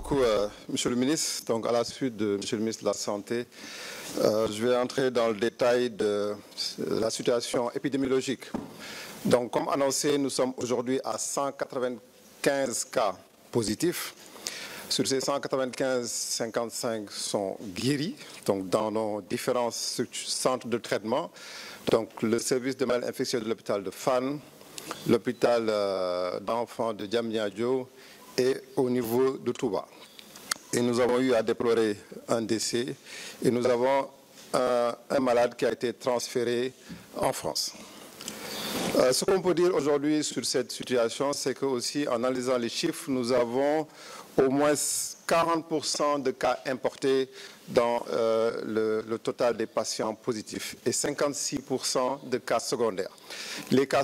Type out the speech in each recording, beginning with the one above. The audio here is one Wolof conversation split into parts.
beaucoup, euh, Monsieur ministre. Donc, à la suite de Monsieur le ministre de la Santé, euh, je vais entrer dans le détail de euh, la situation épidémiologique. Donc, comme annoncé, nous sommes aujourd'hui à 195 cas positifs. Sur ces 195, 55 sont guéris, donc dans nos différents centres de traitement. Donc, le service de mal infectieux de l'hôpital de Fan, l'hôpital euh, d'enfants de et au niveau de Touba. Et nous avons eu à déplorer un décès et un, un malade qui a été transféré en France. Euh, aussi en analysant les chiffres, nous avons au moins de cas importés dans euh, le, le, total des patients positifs et 56% de cas secondaires. Les cas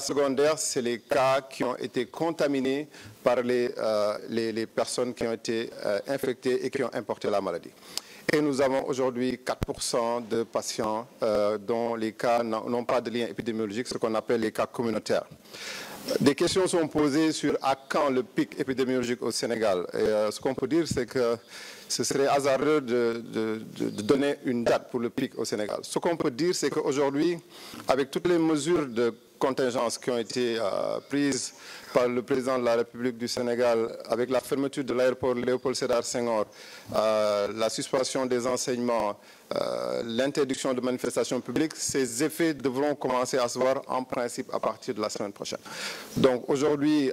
par les, euh, les, les, personnes qui ont été euh, infectées et qui ont importé la maladie. Et nous avons aujourd'hui 4% de patients euh, dont les cas n'ont pas de lien épidémiologique, ce qu'on appelle les cas communautaires. Des questions sont posées sur à quand le pic épidémiologique au Sénégal. Et, euh, ce qu'on peut dire, c'est que ce serait hasardeux le pic au Sénégal. Ce qu'on peut dire, c'est qu'aujourd'hui, avec toutes les mesures de contingences qui ont été euh, prises par le président de la République du Sénégal avec la fermeture de l'aéroport Léopold Sédar Senghor, euh, la suspension des enseignements, euh, l'interdiction de manifestations publiques, ces effets devront commencer à se voir en principe à partir de la semaine prochaine. Donc aujourd'hui,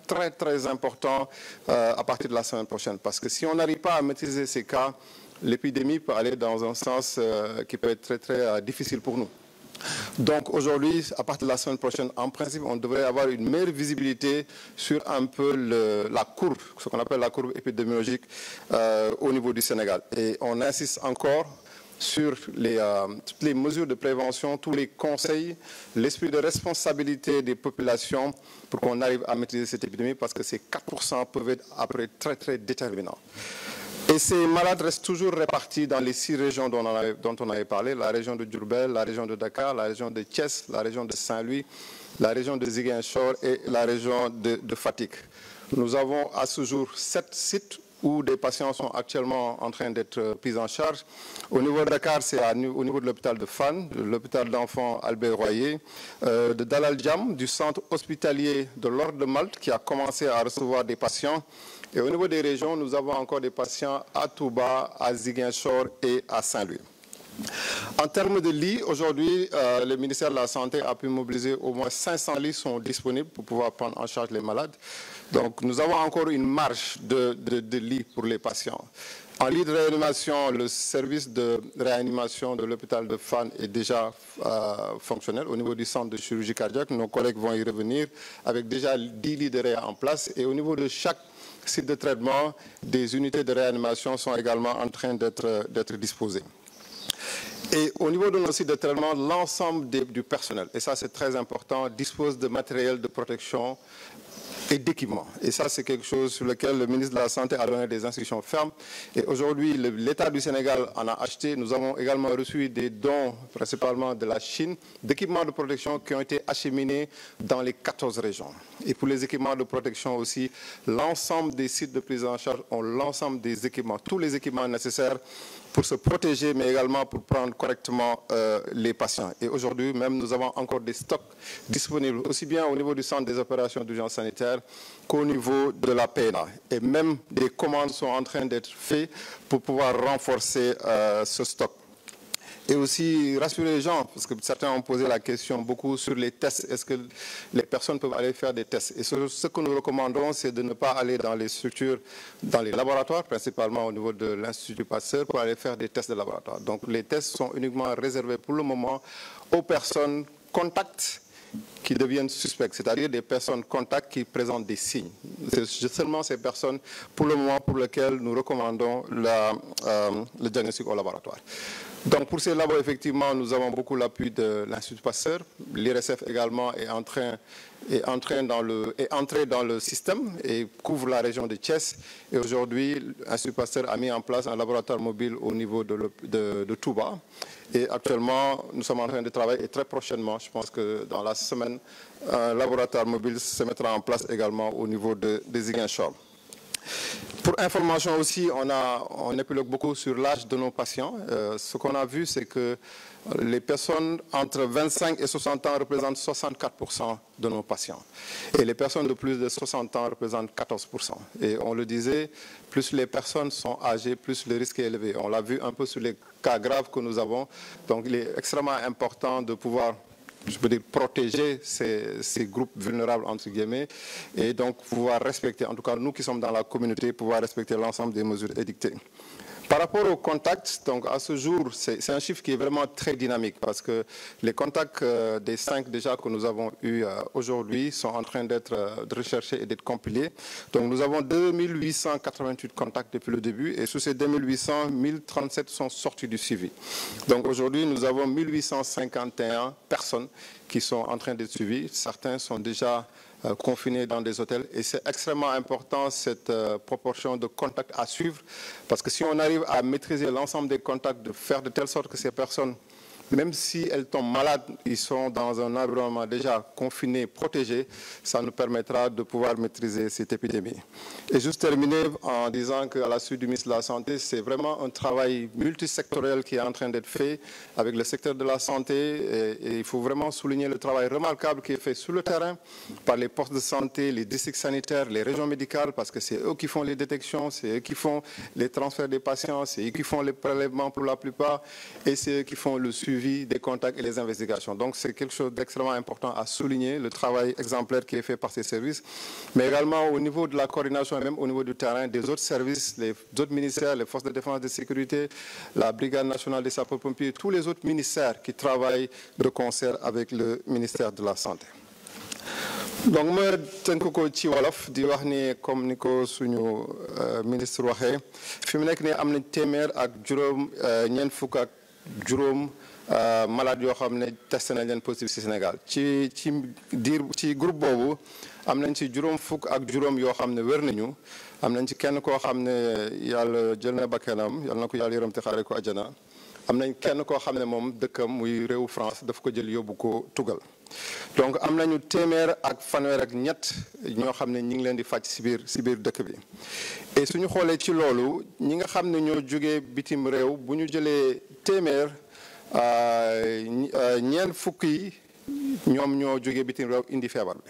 très très important euh, à partir de la Parce que si on n'arrive pas à maîtriser ces cas, l'épidémie peut aller dans un sens euh, qui peut être très euh, difficile pour nous. Donc aujourd'hui, à partir de la semaine prochaine, en principe, on devrait avoir une meilleure visibilité sur un peu le, la courbe, ce qu'on appelle la courbe épidémiologique euh, au niveau du Sénégal. Et on insiste encore sur les, euh, toutes les mesures de prévention, tous les conseils, l'esprit de responsabilité des populations pour qu'on arrive à maîtriser cette épidémie parce que ces 4% peuvent être après très très déterminants. Et ces malades restent toujours répartis dans les six régions dont on avait, dont on avait parlé, la région de Durbel, la région de Dakar, la région de Thiès, la région de Saint-Louis, la région de Ziguinchor et la région de, de Fatick. Nous avons à ce jour sept sites où des patients sont actuellement en train d'être euh, pris en charge. Au niveau de Dakar, c'est au niveau de l'hôpital de Fann, de l'hôpital d'enfants Albert Royer, euh, de Dalal Jamm, du centre hospitalier de l'Ordre de Malte qui a commencé à recevoir des patients. Et au niveau des régions, nous avons encore des patients à Touba, à Ziguinchor et à Saint-Louis. En termes de lits, aujourd'hui, euh, le ministère de la Santé a pu mobiliser au moins 500 lits sont disponibles pour pouvoir prendre en charge Donc nous avons encore une marge de, de, de lits pour les patients. En lit de réanimation, le service de réanimation de l'hôpital de Fan est déjà euh, fonctionnel au niveau du centre de chirurgie cardiaque. Nos collègues vont y revenir avec déjà 10 lits de réa en place. Et au niveau de chaque site de traitement, des unités de réanimation sont également en train d'être disposées. Et au niveau de nos sites de traitement, l'ensemble du personnel, et ça c'est très important, dispose de matériel de protection et d'équipement. Et ça, c'est quelque chose sur lequel le ministre de la Santé a donné des instructions fermes. Et aujourd'hui, l'État du Sénégal en a acheté. Nous avons également reçu des dons, principalement de la Chine, d'équipements de protection qui ont été acheminés dans les 14 régions. Et pour les équipements de protection aussi, l'ensemble des sites de prise en charge ont l'ensemble des équipements, tous les équipements nécessaires pour se protéger, mais également pour prendre correctement euh, les patients. Et aujourd'hui, même, nous avons encore des stocks disponibles, aussi bien au niveau du centre des opérations d'urgence sanitaire qu'au niveau de la PNA. E Et même des commandes sont en train d'être faites pour pouvoir renforcer euh, ce stock. et aussi rassurer les parce que certains ont posé la question beaucoup sur les tests. Est-ce que les personnes peuvent aller faire des tests Et ce, ce que nous recommandons, c'est de ne pas aller dans les structures, dans les laboratoires, principalement au niveau de l'Institut Pasteur, pour aller faire des tests de laboratoire. Donc les tests sont uniquement réservés pour le moment aux personnes contacts qui deviennent suspects, c'est-à-dire des personnes contacts qui présentent des signes. C'est seulement ces personnes, pour le moment, pour lesquelles nous recommandons la, euh, le diagnostic au Donc pour ces labos, effectivement, nous avons beaucoup l'appui de l'Institut Pasteur. L'IRSF également est, en train, est, en train dans le, entré dans le système et couvre la région de Thiès. Et aujourd'hui, l'Institut Pasteur a mis en place un laboratoire mobile au niveau de, le, de, de Touba. Et actuellement, nous sommes en train de travailler et très prochainement, je pense que dans la semaine, un laboratoire mobile se mettra en place également au niveau de, des Iguinchor. Pour information aussi, on, a, on épilogue sur l'âge de nos patients. Euh, ce qu'on a vu, c'est que les personnes entre 25 et 60 ans représentent 64% de nos patients. Et les personnes de plus de 60 ans représentent 14%. Et on le disait, plus les personnes sont âgées, plus risque est élevé. l'a vu un peu sur les cas graves que nous avons. de pouvoir je veux dire, protéger ces, ces groupes vulnérables, entre guillemets, et donc pouvoir respecter, en tout cas nous qui sommes dans la communauté, pouvoir respecter l'ensemble des mesures édictées. Par rapport aux contacts, donc à ce jour, c'est un parce que les contacts euh, des cinq déjà que nous avons eus euh, aujourd'hui sont en train d'être euh, recherchés et d'être compilés. Donc nous avons 2888 contacts et sur ces 2800, 1037 sont sortis du suivi. Donc aujourd'hui, nous avons 1851 personnes qui sont en train d'être sont déjà Euh, confinés dans des hôtels. Et c'est extrêmement important cette euh, proportion de contacts à suivre, parce que si on arrive à maîtriser l'ensemble des contacts, de faire de telle sorte que ces personnes même si elles tombent malades, ils sont dans un environnement déjà confiné, protégé, ça nous permettra de pouvoir maîtriser cette épidémie. Et juste terminer en disant qu'à la suite du ministre de la Santé, c'est vraiment un travail multisectoriel qui est en train d'être fait avec le secteur de la santé et, et il faut vraiment souligner le travail remarquable qui est fait sur le terrain par les postes de santé, les districts sanitaires, les régions médicales, parce que c'est eux qui font les détections, c'est eux suivi des contacts et les investigations. Donc c'est quelque chose d'extrêmement important à souligner, le travail exemplaire qui est fait par ces services, mais également au niveau de la coordination et même au terrain des autres services, les autres ministères, la Brigade nationale des sapeurs-pompiers, tous les autres ministères qui travaillent de concert avec le ministère de la Santé. ma tënk ko ci wolof di wax ni comme ni ko suñu euh, Euh, malade yoo xam ne testé nañ leen positif ci Sénégal ci ci diir ci groupe boobu am nañ ci juróom fukk ak juróom yoo xam ne wér nañu am nañ ci kenn koo xam ne yàlla jël na bakkanam yàlla na ko yàlla yërëm te xaare ko ajana am nañ kenn koo xam ne moom dëkkam muy réewu France daf ko jël yóbbu ko tugal donc am nañu téeméer ak fanweer ak ñett ñoo xam ne ñi ngi leen di fàcc si biir si biir dëkk bi et suñu xoolee ci loolu ñi nga xam ne ñoo jógee bitim réew bu ñu jëlee téeméer Euh, euh, ñeent fukk yi ñoom ñoo jóge bitim réew indi feebar bi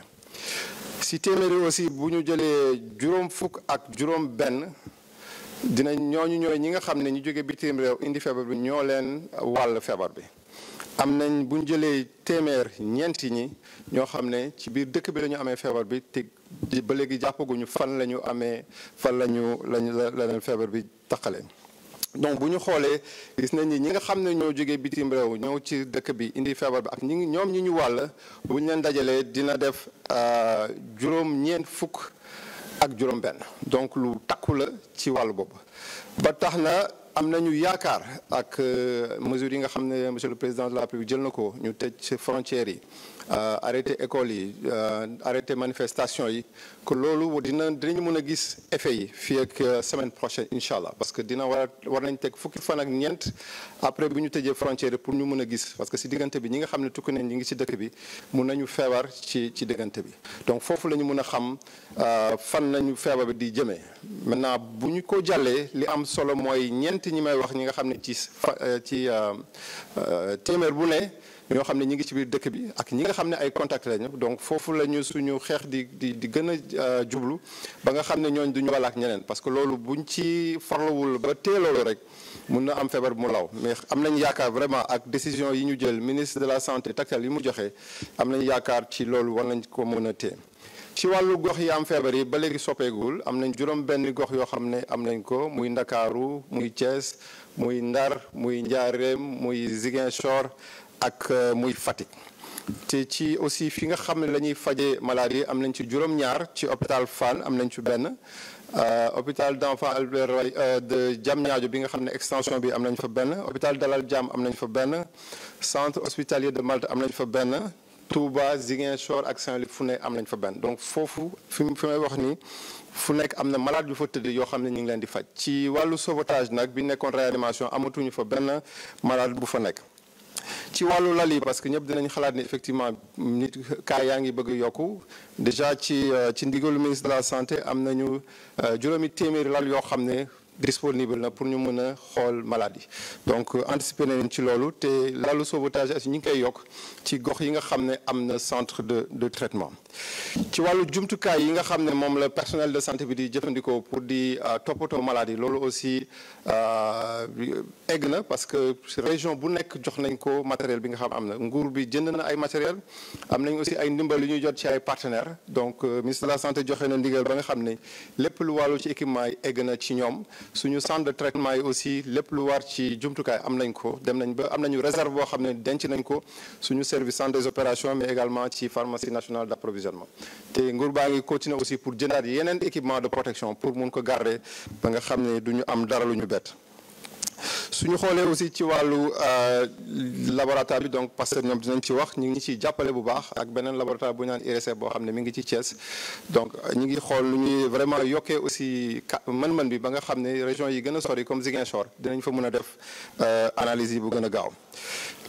si téeméeri aussi bu ñu jëlee juróom fukk ak juróom benn dinañ ñooñu ñooy ñi nga xam ne ñu jóge bitim réew indi feebar bi ñoo leen wàll feebar bi am nañ bu ñu jëlee téeméer ñeenti ñi ñoo xam ne ci biir dëkk bi lañu ñu amee feebar bi te ba léegi jàppaguñu fan la ñu amee fan la ñu la leen feebar bi taqaleen donc bu ñu xoolee gis nañ ni ñi nga xam ne ñoo jógee bitim réew ñëw ci dëkk bi indi feebar bi ak ñi ñoom ñi ñu wàll bu ñu leen dajalee dina def euh, juróom-ñeent fukk ak juróom-benn donc lu takku la ci wàll boobu. ba tax na am nañu yaakaar ak euh, mesures yi nga xam ne monsieur le président de la République jël na ko ñu tëj frontières yi. Euh, arrêté école yi euh, arrêté manifestation yi que loolu dina dinañu mën a gis effet yi fiyeek ak euh, semaine prochaine incha allah parce que dina war a war nañ teg fukki fan ak ñeent après bu ñu tëjee frontière pour ñu mën a gis parce que si diggante bi ñi nga xam ne tukki nañ ñi ngi si dëkk bi mun nañu feebar ci ci diggante bi donc foofu la ñu mën a xam fan nañu feebar bi di jëmee maintenant bu ñu ko jàllee li am solo mooy ñeent ñi may wax ñi nga xam ne ci ci téeméer bu ne ñoo xam ne ñi ngi ci biir dëkk bi ak ñi nga xam ne ay contact lañu donc foofu la ñu suñu xeex di di di gën a euh, jublu ba nga xam ne ñooñ duñu walaak ñeneen parce que loolu buñ ci farluwul ba tee loolu rek mun na am feebar mu law mais am nañ yaakaar vraiment ak décision yi ñu jël ministre de la santé taktal yi mu joxe am nañ yaakaar ci loolu war nañ ko mën a téye ci wàllu gox yi am feebar yi ba léegi soppeegul am nañ juróom benn gox yoo xam ne am nañ ko muy Ndakaaru muy Thiès muy Ndar muy Njaareem muy Ziguinchor ak euh, muy Fatick te ci aussi fi nga xam ne la faje malade yi am nañ ci juróom-ñaar ci hôpital Fann am nañ ci benn euh, hôpital d'enfant Albert Roy euh, de Diamniadio bi nga xam ne extension bi am nañ fa benn hôpital Dalal Jamm am nañ fa benn centre hospitalier de Malte am nañ fa benn Touba Ziguinchor ak Saint-Louis fu ne am nañ fa benn donc foofu fi may wax nii fu nekk am na malade yu fa tëdd yoo xam ne ñu ngi leen di faj ci wàllu sauvetage nag bi nekkoon réanimation amatuñu fa benn malade bu fa nekk. ci wàllu lal yi parce que ñëpp dinañ xalaat ni effectivement nit kaa yaa ngi bëgg yokku déjà ci euh, ci ndigalu ministre de la santé am nañu euh, juróomi téeméeri lal yoo xam ne. disponible na pour ñu mën a xool malade donc euh, anticiper nañ ci loolu te lalu sauvetage as ñu ngi koy yokk ci gox yi nga xam ne am na centre de de traitement ci wàllu jumtukaay yi nga xam ne moom la personnel de santé bi di jëfandikoo pour di euh, toppatoo maladie loolu aussi euh, egg na parce que région bu nekk jox nañ ko matériel bi nga xam am na nguur bi jënd na ay matériel am nañ aussi ay ndimbal yu ñuy jot ci ay partenaires donc euh, ministre de la santé joxe na ndigal ba nga xam ne lépp lu wàllu ci équipement yi egg na ci ñoom suñu centre de traitement yi aussi lépp lu war ci jumtukaay am nañ ko dem nañ ba am nañu réserve boo xam ne denc nañ ko su service centre des opérations mais également ci pharmacie nationale d'approvisionnement d'approvisionnement te nguur baa ngi continuer aussi pour jëndaat yeneen équipement de protection pour mun ko garder ba nga xam ne du ñu am dara lu ñu bett. su ñu xoolee aussi ci wàllu euh, laboratoire bi donc parce que ñoom dinañ ci wax ñu ngi ciy jàppale bu baax ak beneen laboratoire bu ñu naan boo xam ne mu ngi ci Thiès donc ñu ngi xool lu ñuy vraiment yokkee aussi man man bi ba nga xam ne région yi gën a sori comme Ziguinchor dinañ fa mën a def euh, analyse yi bu gën a gaaw.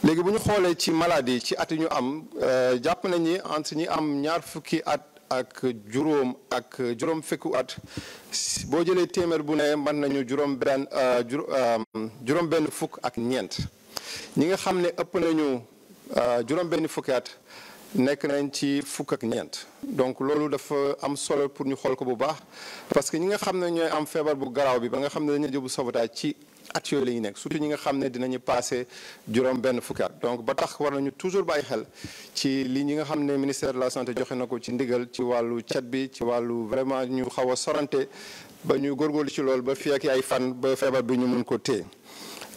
léegi bu ñu xoolee ci maladie ci at yi ñu am euh, jàpp nañ ni entre ñi am ñaar fukki at ak juróom ak juróom fekku at boo jëlee téeméer bu ne mën nañu juróom benn euh, euh, juróom benn fukk ak ñeent ñi nga xam ne ëpp nañu juróom benn fukki at nekk nañ ci fukk ak ñeent donc loolu dafa am solo pour ñu xool ko bu baax parce que ñi nga xam ne ñooy am feebar bu garaaw bi ba nga xam ne dañu jëbu sauvetage ci at yooyu ñu nekk surtout ñi nga xam ne dinañu passé juróom benn fukki donc ba tax war nañu toujours bàyyi xel ci li ñi nga xam ne ministère de la santé joxe na ko ci ndigal ci wàllu cat bi ci wàllu vraiment ñu xaw a sorante ba ñu góorgóorlu ci lool ba fii ak ay fan ba feebar bi ñu mën ko téye.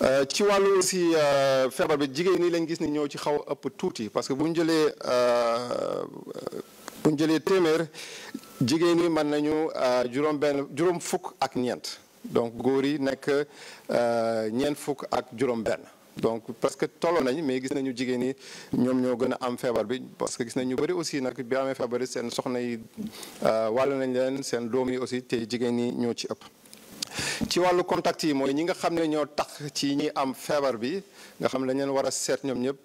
Euh, ci wàllu aussi euh, feebar bi jigéen ñi lañ gis ni ñëw ci xaw a ëpp tuuti parce que bu ñu jëlee euh, bu ñu jëlee téeméer jigéen ñi mën nañu juróom benn juróom fukk ak ñeent. donc góor yi nekk euh, ñeent fukk ak juróom-benn. donc parce que tolloo nañ mais gis nañu jigéen ñi ñoom ñoo gën a am feebar bi parce que gis nañ ñu bëri aussi nag bi amee feebar seen soxna yi euh, wàll nañ leen seen doom yi aussi te jigéen ñi ñoo ci ëpp. ci wàllu contact yi mooy ñi nga xam ne ñoo tax ci ñi am feebar bi nga xam ne dañ leen war a seet ñoom ñëpp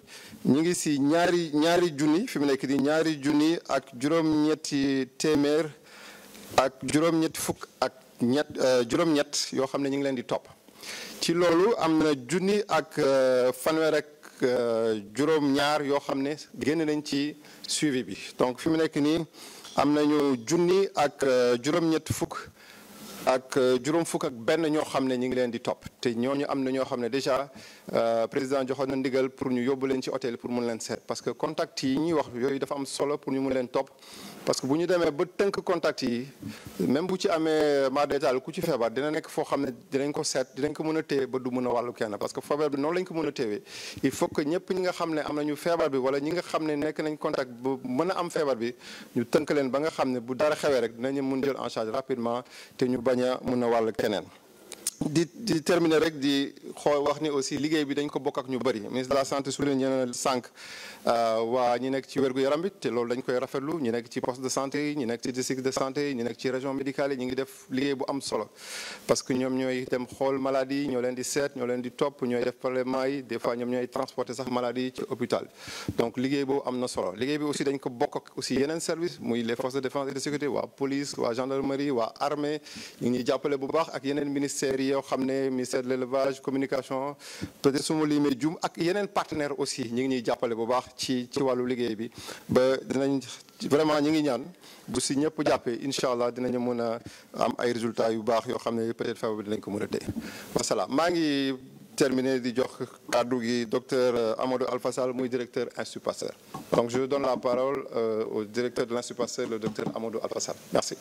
ñi ngi si ñaari ñaari junni fi mu nekk nii ñaari junni ak juróom-ñetti téeméer ak juróom-ñetti fukk ak ñett euh, juróom-ñett yoo xam ne ñu ngi leen di topp ci loolu am na junni ak euh, fanweer ak euh, juróom-ñaar yoo xam ne génn nañ ci suivi bi donc fi mu nekk nii am nañu junni ak juróom-ñett fukk. ak euh, juróom fukk ak benn ñoo xam ne ñu ngi leen di topp te ñoo ñu am na ñoo xam ne déjà euh, président joxoon na ndigal pour ñu yóbbu leen ci hôtel pour mun leen seet parce que contact yi ñuy wax yooyu dafa am solo pour ñu mun leen topp parce que bu ñu demee ba tënk contact yi même bu ci amee euh, ma détail ku ci feebar dina nekk foo xam ne dinañ ko seet dinañ ko mën a téye ba du mën a wàllu kenn parce que feebar bi noonu lañ ko mën a téye il faut que ñëpp nga xam ne am nañu feebar bi wala ñi nga xam ne nekk nañ contact am feebar bi ñu tënk leen ba nga xam ne bu dara xewee rek dinañu mun jël en charge rapidement bañ a mun a wàll keneen di di rek di xool wax ni aussi liggéey bi dañ ko bokk ak ñu bëri ministre de la santé su leen ñeneen sànq euh, waa ñi nekk ci wér-gu-yaram bi te loolu dañ koy rafetlu ñi nekk ci poste de santé yi ñi nekk ci district de santé yi ñi nekk ci région médicale yi ñu ngi def liggéey bu am solo parce que ñoom ñooy dem xool maladie ñoo leen di seet ñoo leen di topp ñooy def prélèvement yi des fois ñoom ñooy transporter sax maladie yi ci hôpital donc liggéey boobu am na solo liggéey bi aussi dañ ko bokk ak aussi service muy les forces de défense jàppale bu baax ak yeneen ministères yi yoo xam ne ministère de l'élevage communication peut-être su ma limee jum ak yeneen partenaire aussi ñu ngi ñuy jàppale bu baax ci ci wàllu liggéey bi ba dinañ vraiment ñu ngi ñaan bu si ñëpp jàppee incha allah dinañu mën a am ay résultats yu baax yoo xam ne peut-être feebar bi dinañ ko mën a téye wasalaam maa ngi terminé di jox kàddu gi docteur euh, Amadou Alpha Sall muy directeur Institut Pasteur donc je donne la parole euh, au directeur de l'Institut Pasteur le docteur Amadou Alpha Sall merci